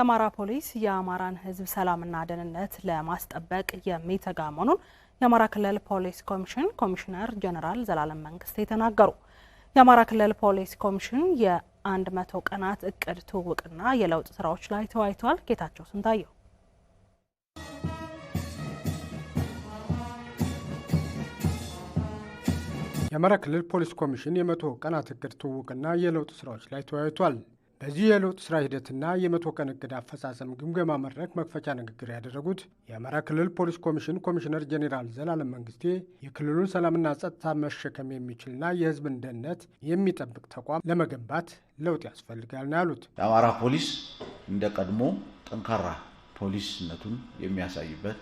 የአማራ ፖሊስ የአማራን ህዝብ ሰላምና ደህንነት ለማስጠበቅ የሚተጋ መሆኑን የአማራ ክልል ፖሊስ ኮሚሽን ኮሚሽነር ጀነራል ዘላለም መንግስቴ ተናገሩ። የአማራ ክልል ፖሊስ ኮሚሽን የአንድ መቶ ቀናት እቅድ ትውውቅና የለውጥ ስራዎች ላይ ተወያይቷል። ጌታቸው ስንታየው የአማራ ክልል ፖሊስ ኮሚሽን የመቶ ቀናት እቅድ ትውውቅና የለውጥ ስራዎች ላይ ተወያይቷል። በዚህ የለውጥ ስራ ሂደትና የመቶ ቀን እቅድ አፈጻጸም ግምገማ መድረክ መክፈቻ ንግግር ያደረጉት የአማራ ክልል ፖሊስ ኮሚሽን ኮሚሽነር ጄኔራል ዘላለም መንግስቴ የክልሉን ሰላምና ጸጥታ መሸከም የሚችልና የህዝብን ደህንነት የሚጠብቅ ተቋም ለመገንባት ለውጥ ያስፈልጋል ነው ያሉት። የአማራ ፖሊስ እንደ ቀድሞ ጠንካራ ፖሊስነቱን የሚያሳይበት፣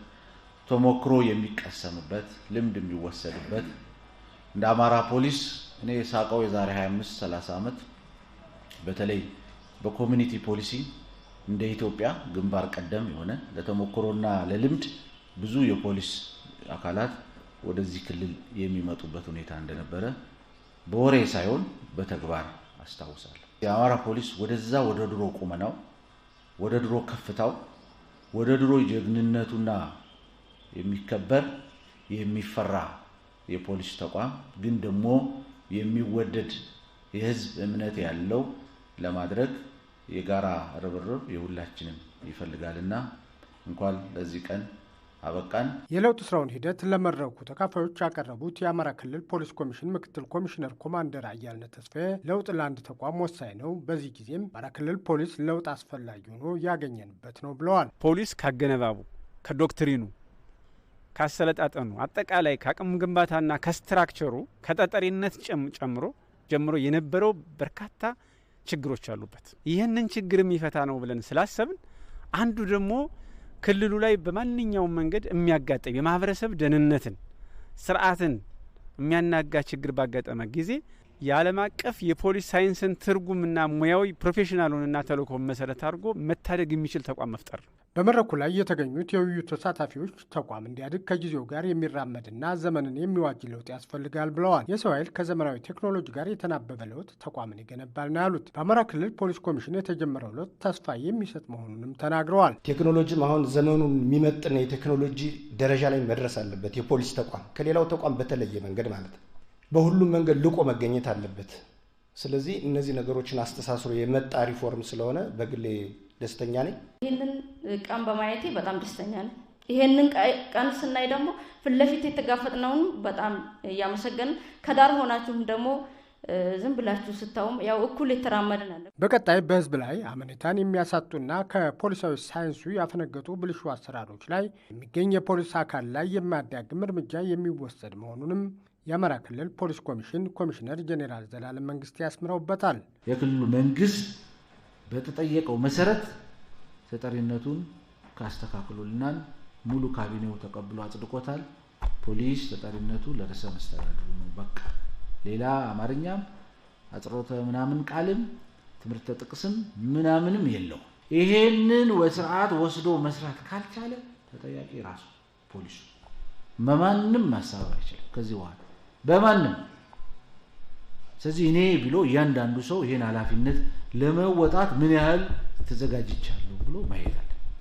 ተሞክሮ የሚቀሰምበት፣ ልምድ የሚወሰድበት እንደ አማራ ፖሊስ እኔ ሳቀው የዛሬ 25 30 ዓመት በተለይ በኮሚኒቲ ፖሊሲ እንደ ኢትዮጵያ ግንባር ቀደም የሆነ ለተሞክሮና ለልምድ ብዙ የፖሊስ አካላት ወደዚህ ክልል የሚመጡበት ሁኔታ እንደነበረ በወሬ ሳይሆን በተግባር አስታውሳለሁ። የአማራ ፖሊስ ወደዛ ወደ ድሮ ቁመናው፣ ወደ ድሮ ከፍታው፣ ወደ ድሮ ጀግንነቱና የሚከበር የሚፈራ የፖሊስ ተቋም ግን ደግሞ የሚወደድ የህዝብ እምነት ያለው ለማድረግ የጋራ ርብርብ የሁላችንም ይፈልጋልና እንኳን ለዚህ ቀን አበቃን። የለውጥ ስራውን ሂደት ለመድረኩ ተካፋዮች ያቀረቡት የአማራ ክልል ፖሊስ ኮሚሽን ምክትል ኮሚሽነር ኮማንደር አያልነት ተስፋዬ ለውጥ ለአንድ ተቋም ወሳኝ ነው፣ በዚህ ጊዜም አማራ ክልል ፖሊስ ለውጥ አስፈላጊ ሆኖ ያገኘንበት ነው ብለዋል። ፖሊስ ካገነባቡ፣ ከዶክትሪኑ፣ ካሰለጣጠኑ አጠቃላይ ከአቅም ግንባታና ከስትራክቸሩ ከጠጠሪነት ጨምሮ ጀምሮ የነበረው በርካታ ችግሮች አሉበት። ይህንን ችግር የሚፈታ ነው ብለን ስላሰብን አንዱ ደግሞ ክልሉ ላይ በማንኛውም መንገድ የሚያጋጥም የማህበረሰብ ደህንነትን፣ ስርዓትን የሚያናጋ ችግር ባጋጠመ ጊዜ የዓለም አቀፍ የፖሊስ ሳይንስን ትርጉምና ሙያዊ ፕሮፌሽናሉንና ተልእኮውን መሰረት አድርጎ መታደግ የሚችል ተቋም መፍጠር በመድረኩ ላይ የተገኙት የውይይቱ ተሳታፊዎች ተቋም እንዲያድግ ከጊዜው ጋር የሚራመድና ዘመንን የሚዋጅ ለውጥ ያስፈልጋል ብለዋል። የሰው ኃይል ከዘመናዊ ቴክኖሎጂ ጋር የተናበበ ለውጥ ተቋምን ይገነባል ነው ያሉት። በአማራ ክልል ፖሊስ ኮሚሽን የተጀመረው ለውጥ ተስፋ የሚሰጥ መሆኑንም ተናግረዋል። ቴክኖሎጂም አሁን ዘመኑን የሚመጥና የቴክኖሎጂ ደረጃ ላይ መድረስ አለበት። የፖሊስ ተቋም ከሌላው ተቋም በተለየ መንገድ ማለት ነው በሁሉም መንገድ ልቆ መገኘት አለበት። ስለዚህ እነዚህ ነገሮችን አስተሳስሮ የመጣ ሪፎርም ስለሆነ በግሌ ደስተኛ ነኝ። ይህንን ቀን በማየቴ በጣም ደስተኛ ነኝ። ይህንን ቀን ስናይ ደግሞ ፊት ለፊት የተጋፈጥነውን በጣም እያመሰገንን ከዳር ሆናችሁም ደግሞ ዝም ብላችሁ ስታውም ያው እኩል የተራመድን አለ። በቀጣይ በህዝብ ላይ አመኔታን የሚያሳጡና ከፖሊሳዊ ሳይንሱ ያፈነገጡ ብልሹ አሰራሮች ላይ የሚገኝ የፖሊስ አካል ላይ የማዳግም እርምጃ የሚወሰድ መሆኑንም የአማራ ክልል ፖሊስ ኮሚሽን ኮሚሽነር ጄኔራል ዘላለም መንግስት ያስምረውበታል። የክልሉ መንግስት በተጠየቀው መሰረት ተጠሪነቱን ካስተካክሉልናል ሙሉ ካቢኔው ተቀብሎ አጽድቆታል። ፖሊስ ተጠሪነቱ ለርዕሰ መስተዳድሩ ነው። በቃ ሌላ አማርኛም አጽሮተ ምናምን ቃልም ትምህርተ ጥቅስም ምናምንም የለው። ይሄንን ስርዓት ወስዶ መስራት ካልቻለ ተጠያቂ ራሱ ፖሊሱ በማንም ማሳበብ አይችልም ከዚህ በኋላ በማንም ስለዚህ እኔ ብሎ እያንዳንዱ ሰው ይሄን ኃላፊነት ለመወጣት ምን ያህል ተዘጋጅቻለሁ ብሎ ማየት